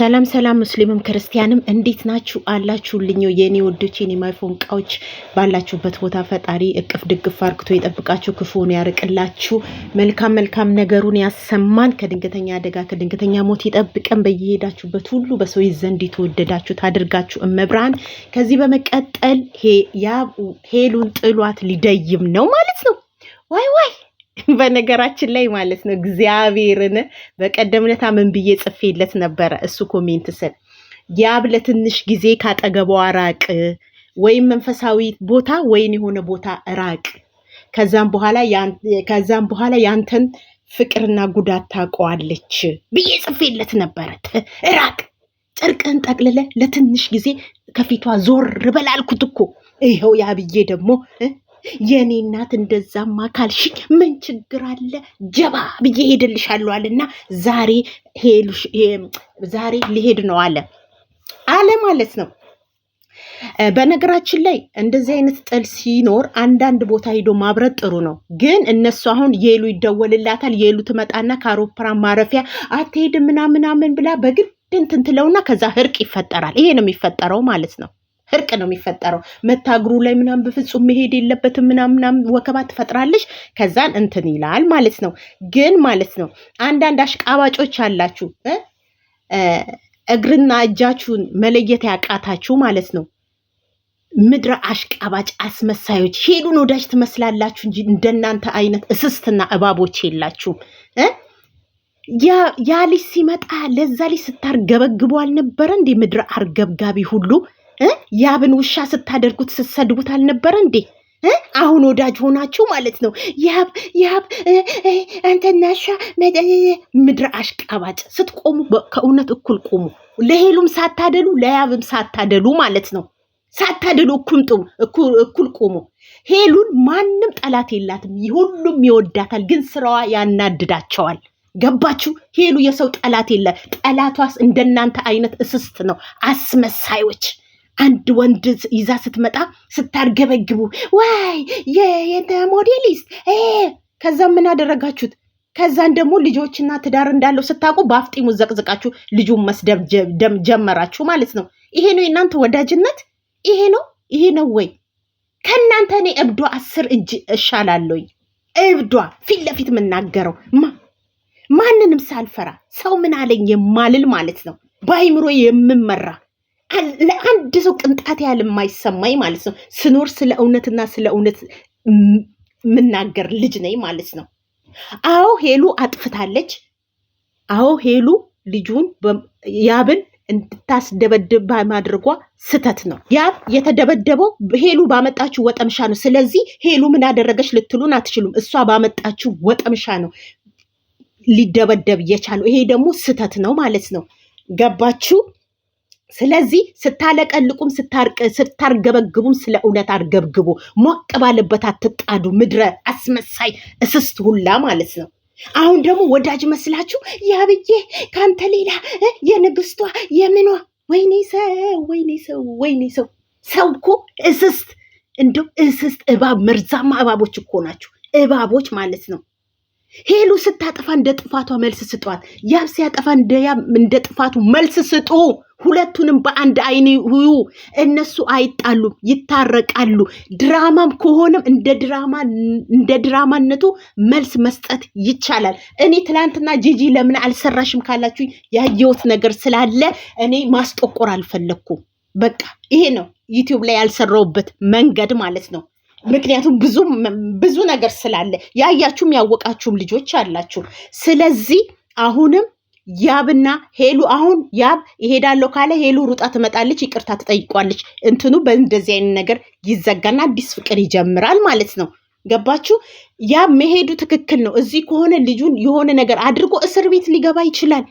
ሰላም ሰላም ሙስሊምም ክርስቲያንም እንዴት ናችሁ? አላችሁልኝ የኔ ወዶች የኔ ማይፎን ቃዎች ባላችሁበት ቦታ ፈጣሪ እቅፍ ድግፍ አርክቶ የጠብቃችሁ፣ ክፉን ያርቅላችሁ፣ መልካም መልካም ነገሩን ያሰማን፣ ከድንገተኛ አደጋ ከድንገተኛ ሞት ይጠብቀን። በየሄዳችሁበት ሁሉ በሰው ዘንድ የተወደዳችሁ ታድርጋችሁ እመብርሃን። ከዚህ በመቀጠል ሄሉን ጥሏት ሊደይም ነው ማለት ነው። ዋይ ዋይ በነገራችን ላይ ማለት ነው እግዚአብሔርን በቀደም ለታ ምን ብዬ ጽፌለት ነበረ እሱ ኮሜንት ስል ያብ ለትንሽ ጊዜ ካጠገቧ ራቅ፣ ወይም መንፈሳዊ ቦታ ወይን የሆነ ቦታ ራቅ። ከዛም በኋላ ያንተን ፍቅርና ጉዳት ታውቀዋለች ብዬ ጽፌለት ነበረ። ራቅ፣ ጨርቅህን ጠቅልለ ለትንሽ ጊዜ ከፊቷ ዞር በላልኩት እኮ ይኸው ያብዬ ደግሞ የእኔ እናት እንደዛማ ካልሽኝ ምን ችግር አለ ጀባ ብዬ ሄድልሻለሁ አለና ዛሬ ዛሬ ሊሄድ ነው አለ አለ ማለት ነው። በነገራችን ላይ እንደዚህ አይነት ጥል ሲኖር አንዳንድ ቦታ ሄዶ ማብረት ጥሩ ነው። ግን እነሱ አሁን የሉ ይደወልላታል። የሉ ትመጣና ከአውሮፕላን ማረፊያ አትሄድም ምናምናምን ብላ በግድ እንትን ትለውና ከዛ እርቅ ይፈጠራል። ይሄ ነው የሚፈጠረው ማለት ነው። እርቅ ነው የሚፈጠረው። መታግሩ ላይ ምናምን በፍጹም መሄድ የለበትም ምናምናም ወከባ ትፈጥራለች። ከዛን እንትን ይላል ማለት ነው። ግን ማለት ነው አንዳንድ አሽቃባጮች አላችሁ እግርና እጃችሁን መለየት ያቃታችሁ ማለት ነው። ምድረ አሽቃባጭ አስመሳዮች ሄዱን ወዳጅ ትመስላላችሁ እንጂ እንደናንተ አይነት እስስትና እባቦች የላችሁም። ያ ልጅ ሲመጣ ለዛ ልጅ ስታርገበግቡ አልነበረ እንዴ? ምድረ አርገብጋቢ ሁሉ ያብን ውሻ ስታደርጉት ስትሰድቡት አልነበረ እንዴ? አሁን ወዳጅ ሆናችሁ ማለት ነው። ያብ ያብ አንተናሻ ምድረ አሽቃባጭ ስትቆሙ ከእውነት እኩል ቆሙ። ለሄሉም ሳታደሉ ለያብም ሳታደሉ ማለት ነው። ሳታደሉ እኩል ቆሙ። ሄሉን ማንም ጠላት የላትም፣ ሁሉም ይወዳታል። ግን ስራዋ ያናድዳቸዋል። ገባችሁ? ሄሉ የሰው ጠላት የለ። ጠላቷስ እንደናንተ አይነት እስስት ነው፣ አስመሳዮች አንድ ወንድ ይዛ ስትመጣ ስታርገበግቡ ዋይ ሞዴሊስት ከዛ ምን አደረጋችሁት? ከዛን ደግሞ ልጆችና ትዳር እንዳለው ስታውቁ በአፍጢሙ ዘቅዝቃችሁ ልጁን መስደብ ጀመራችሁ ማለት ነው። ይሄ ነው የእናንተ ወዳጅነት? ይሄ ነው ይሄ ነው ወይ? ከእናንተ እኔ እብዷ አስር እጅ እሻላለኝ። እብዷ ፊት ለፊት የምናገረው ማንንም ሳልፈራ ሰው ምን አለኝ የማልል ማለት ነው። በአይምሮ የምመራ ለአንድ ሰው ቅንጣት ያህል የማይሰማኝ ማለት ነው ስኖር ስለ እውነትና ስለ እውነት የምናገር ልጅ ነኝ ማለት ነው። አዎ ሄሉ አጥፍታለች። አዎ ሄሉ ልጁን ያብን እንድታስደበድብ በማድረጓ ስተት ነው። ያብ የተደበደበው ሄሉ ባመጣችሁ ወጠምሻ ነው። ስለዚህ ሄሉ ምን አደረገች ልትሉን አትችሉም። እሷ ባመጣችሁ ወጠምሻ ነው ሊደበደብ የቻለው። ይሄ ደግሞ ስተት ነው ማለት ነው። ገባችሁ? ስለዚህ ስታለቀልቁም ስታርገበግቡም ስለ እውነት አርገብግቡ። ሞቅ ባለበት አትጣዱ። ምድረ አስመሳይ እስስት ሁላ ማለት ነው። አሁን ደግሞ ወዳጅ መስላችሁ ያብዬ ከአንተ ሌላ የንግስቷ የምኗ ወይኔ ሰው ወይኔ ሰው ወይኔ ሰው ሰው እኮ እስስት እንደው እስስት እባብ መርዛማ እባቦች እኮ ናችሁ እባቦች ማለት ነው። ሄሉ ስታጠፋ እንደ ጥፋቷ መልስ ስጧት። ያብ ሲያጠፋ እንደ ያብ እንደ ጥፋቱ መልስ ስጡ። ሁለቱንም በአንድ አይን ሁዩ። እነሱ አይጣሉም፣ ይታረቃሉ። ድራማም ከሆነም እንደ ድራማነቱ መልስ መስጠት ይቻላል። እኔ ትላንትና ጂጂ ለምን አልሰራሽም ካላችሁ ያየሁት ነገር ስላለ እኔ ማስጠቆር አልፈለግኩም። በቃ ይሄ ነው ዩቲዩብ ላይ ያልሰራውበት መንገድ ማለት ነው። ምክንያቱም ብዙ ብዙ ነገር ስላለ ያያችሁም ያወቃችሁም ልጆች አላችሁ። ስለዚህ አሁንም ያብና ሄሉ አሁን ያብ ይሄዳለሁ ካለ ሄሉ ሩጣ ትመጣለች፣ ይቅርታ ትጠይቋለች። እንትኑ በእንደዚህ አይነት ነገር ይዘጋና አዲስ ፍቅር ይጀምራል ማለት ነው። ገባችሁ? ያብ መሄዱ ትክክል ነው። እዚህ ከሆነ ልጁን የሆነ ነገር አድርጎ እስር ቤት ሊገባ ይችላል።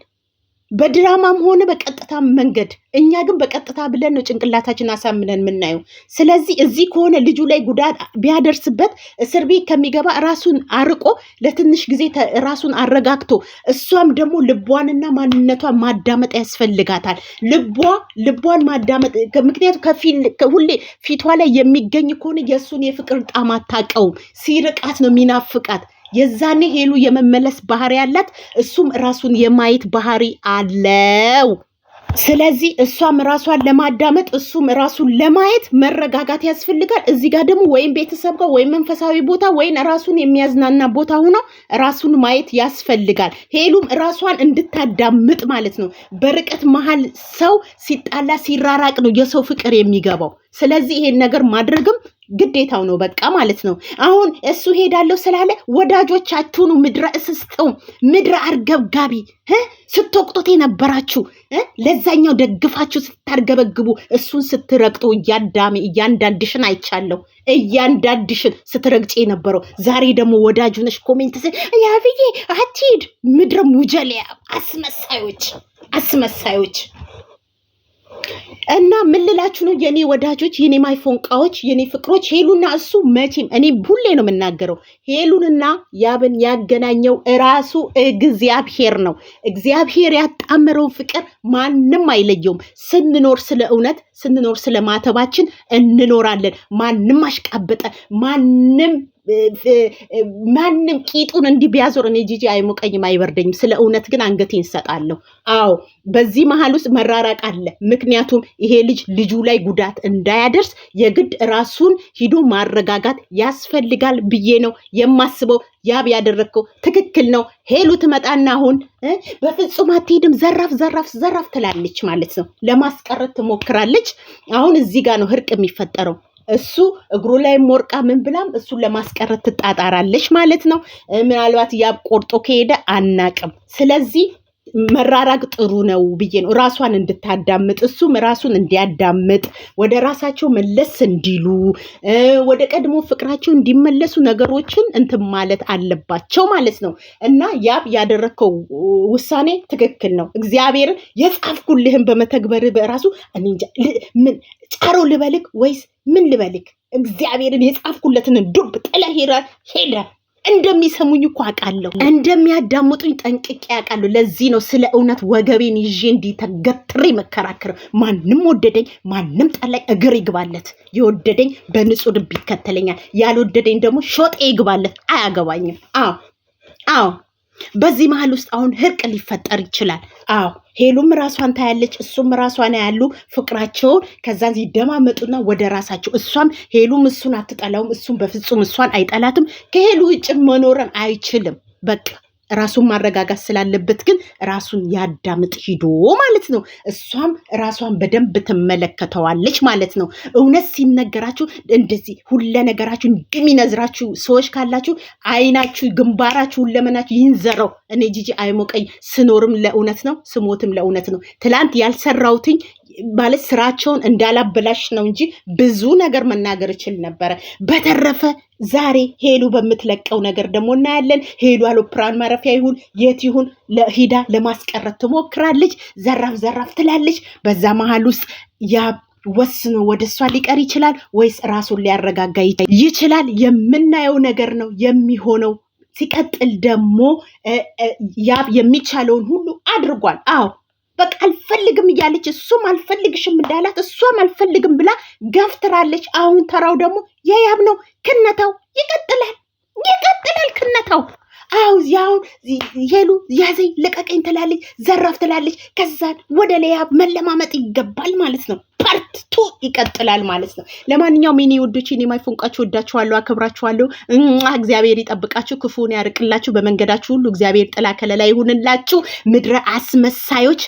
በድራማም ሆነ በቀጥታ መንገድ። እኛ ግን በቀጥታ ብለን ነው ጭንቅላታችን አሳምነን የምናየው። ስለዚህ እዚህ ከሆነ ልጁ ላይ ጉዳት ቢያደርስበት እስር ቤት ከሚገባ ራሱን አርቆ ለትንሽ ጊዜ ራሱን አረጋግቶ እሷም ደግሞ ልቧንና ማንነቷን ማዳመጥ ያስፈልጋታል። ልቧ ልቧን ማዳመጥ ምክንያቱም ሁሌ ፊቷ ላይ የሚገኝ ከሆነ የእሱን የፍቅር ጣም አታውቀውም። ሲርቃት ነው የሚናፍቃት። የዛኔ ሄሉ የመመለስ ባህሪ ያላት፣ እሱም ራሱን የማየት ባህሪ አለው። ስለዚህ እሷም ራሷን ለማዳመጥ እሱም ራሱን ለማየት መረጋጋት ያስፈልጋል። እዚህ ጋር ደግሞ ወይም ቤተሰብ ጋር ወይም መንፈሳዊ ቦታ ወይም ራሱን የሚያዝናና ቦታ ሆኖ ራሱን ማየት ያስፈልጋል። ሄሉም ራሷን እንድታዳምጥ ማለት ነው። በርቀት መሀል ሰው ሲጣላ ሲራራቅ ነው የሰው ፍቅር የሚገባው። ስለዚህ ይሄን ነገር ማድረግም ግዴታው ነው። በቃ ማለት ነው። አሁን እሱ ሄዳለሁ ስላለ ወዳጆች አትሁኑ፣ ምድረ እስስጠው ምድረ አርገብጋቢ ስትወቅጡት የነበራችሁ ለዛኛው ደግፋችሁ ስታርገበግቡ እሱን ስትረግጡ እያዳሜ እያንዳንድሽን አይቻለሁ። እያንዳንድሽን ስትረግጭ የነበረው ዛሬ ደግሞ ወዳጁ ነሽ ኮሜንት ስል ያብዬ አትሂድ ምድረ ሙጀሊያ አስመሳዮች አስመሳዮች እና ምን ልላችሁ ነው የኔ ወዳጆች፣ የኔ ማይፎንቃዎች፣ የኔ ፍቅሮች፣ ሄሉና እሱ መቼም እኔ ሁሌ ነው የምናገረው፣ ሄሉንና ያብን ያገናኘው እራሱ እግዚአብሔር ነው። እግዚአብሔር ያጣመረውን ፍቅር ማንም አይለየውም። ስንኖር ስለ እውነት ስንኖር ስለ ማተባችን እንኖራለን። ማንም አሽቃበጠ፣ ማንም ማንም ቂጡን እንዲህ ቢያዞር እኔ ጂጂ አይሞቀኝም፣ አይበርደኝም። ስለ እውነት ግን አንገቴን እሰጣለሁ። አዎ በዚህ መሀል ውስጥ መራራቅ አለ። ምክንያቱም ይሄ ልጅ ልጁ ላይ ጉዳት እንዳያደርስ የግድ ራሱን ሂዶ ማረጋጋት ያስፈልጋል ብዬ ነው የማስበው። ያብ ያደረግከው ትክክል ነው። ሄሉ ትመጣና አሁን በፍጹም አትሄድም፣ ዘራፍ ዘራፍ ዘራፍ ትላለች ማለት ነው። ለማስቀረት ትሞክራለች። አሁን እዚህ ጋር ነው እርቅ የሚፈጠረው። እሱ እግሩ ላይ ወርቃ ምን ብላም እሱን ለማስቀረት ትጣጣራለች ማለት ነው። ምናልባት ያብ ቆርጦ ከሄደ አናቅም። ስለዚህ መራራቅ ጥሩ ነው ብዬ ነው ራሷን እንድታዳምጥ እሱም ራሱን እንዲያዳምጥ ወደ ራሳቸው መለስ እንዲሉ ወደ ቀድሞ ፍቅራቸው እንዲመለሱ ነገሮችን እንትን ማለት አለባቸው ማለት ነው። እና ያብ ያደረግከው ውሳኔ ትክክል ነው። እግዚአብሔርን የጻፍኩልህን በመተግበር በራሱ ምን ጫሮ ልበልክ ወይስ ምን ልበልክ? እግዚአብሔርን የጻፍኩለትን ዱብ ጥለህ ሄደ እንደሚሰሙኝ እኮ አውቃለሁ፣ እንደሚያዳምጡኝ ጠንቅቄ አውቃለሁ። ለዚህ ነው ስለ እውነት ወገቤን ይዤ እንዲተገትሬ መከራከረው። ማንም ወደደኝ ማንም ጠላኝ እግር ይግባለት። የወደደኝ በንጹህ ልብ ይከተለኛል፣ ያልወደደኝ ደግሞ ሾጤ ይግባለት። አያገባኝም። አዎ አዎ በዚህ መሀል ውስጥ አሁን እርቅ ሊፈጠር ይችላል። አዎ ሄሉም ራሷን ታያለች፣ እሱም ራሷን ያሉ ፍቅራቸውን ከዛን ሲደማመጡና ወደ ራሳቸው እሷም ሄሉም እሱን አትጠላውም፣ እሱም በፍጹም እሷን አይጠላትም። ከሄሉ ውጭ መኖርን አይችልም በቃ ራሱን ማረጋጋት ስላለበት ግን ራሱን ያዳምጥ ሂዶ ማለት ነው። እሷም ራሷን በደንብ ትመለከተዋለች ማለት ነው። እውነት ሲነገራችሁ እንደዚህ ሁለ ነገራችሁ እንደሚነዝራችሁ ሰዎች ካላችሁ አይናችሁ፣ ግንባራችሁ፣ ሁለመናችሁ ይንዘረው። እኔ ጂጂ አይሞቀኝ ስኖርም ለእውነት ነው ስሞትም ለእውነት ነው። ትላንት ያልሰራውትኝ ማለት ስራቸውን እንዳላበላሽ ነው እንጂ ብዙ ነገር መናገር እችል ነበረ። በተረፈ ዛሬ ሄሉ በምትለቀው ነገር ደግሞ እናያለን። ሄሉ አውሮፕላን ማረፊያ ይሁን የት ይሁን ሂዳ ለማስቀረት ትሞክራለች። ዘራፍ ዘራፍ ትላለች። በዛ መሀል ውስጥ ያ ወስኖ ወደ እሷ ሊቀር ይችላል ወይስ ራሱን ሊያረጋጋ ይችላል? የምናየው ነገር ነው የሚሆነው። ሲቀጥል ደግሞ ያብ የሚቻለውን ሁሉ አድርጓል። አዎ በቃ አልፈልግም እያለች እሱም አልፈልግሽም እንዳላት እሷም አልፈልግም ብላ ገፍትራለች። አሁን ተራው ደግሞ የያብ ነው። ክነታው ይቀጥላል ይቀጥላል ክነታው አው ያውን ሄሉ ያዘኝ ልቀቀኝ ትላለች፣ ዘራፍ ትላለች። ከዛን ወደ ለያብ መለማመጥ ይገባል ማለት ነው። ፓርት ቱ ይቀጥላል ማለት ነው። ለማንኛውም ሚኒ ውዶች የኔ ማይፎንቃችሁ ወዳችኋለሁ፣ አከብራችኋለሁ። እግዚአብሔር ይጠብቃችሁ፣ ክፉን ያርቅላችሁ፣ በመንገዳችሁ ሁሉ እግዚአብሔር ጥላ ከለላ ይሁንላችሁ። ምድረ አስመሳዮች፣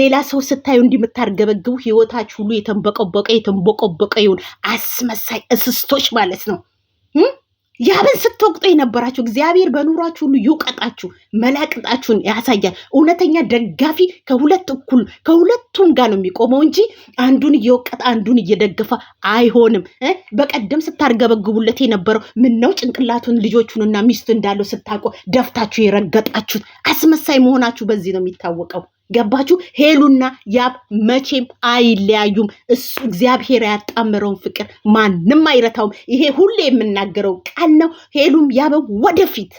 ሌላ ሰው ስታዩ እንዲምታርገበግቡ ህይወታችሁ ሁሉ የተንበቀበቀ የተንበቆበቀ ይሁን። አስመሳይ እስስቶች ማለት ነው። ያብን ስትወቅጦ የነበራችሁ እግዚአብሔር በኑሯችሁ ሁሉ ይውቀጣችሁ፣ መላቅጣችሁን ያሳያል። እውነተኛ ደጋፊ ከሁለት እኩል ከሁለቱም ጋር ነው የሚቆመው እንጂ አንዱን እየወቀጠ አንዱን እየደገፈ አይሆንም። በቀደም ስታርገበግቡለት የነበረው ነው ጭንቅላቱን ልጆቹንና ሚስቱ እንዳለው ስታውቁ ደፍታችሁ የረገጣችሁት አስመሳይ መሆናችሁ በዚህ ነው የሚታወቀው። ገባችሁ? ሄሉና ያብ መቼም አይለያዩም። እሱ እግዚአብሔር ያጣምረውን ፍቅር ማንም አይረታውም። ይሄ ሁሌ የምናገረው ቃል ነው። ሄሉም ያበም ወደፊት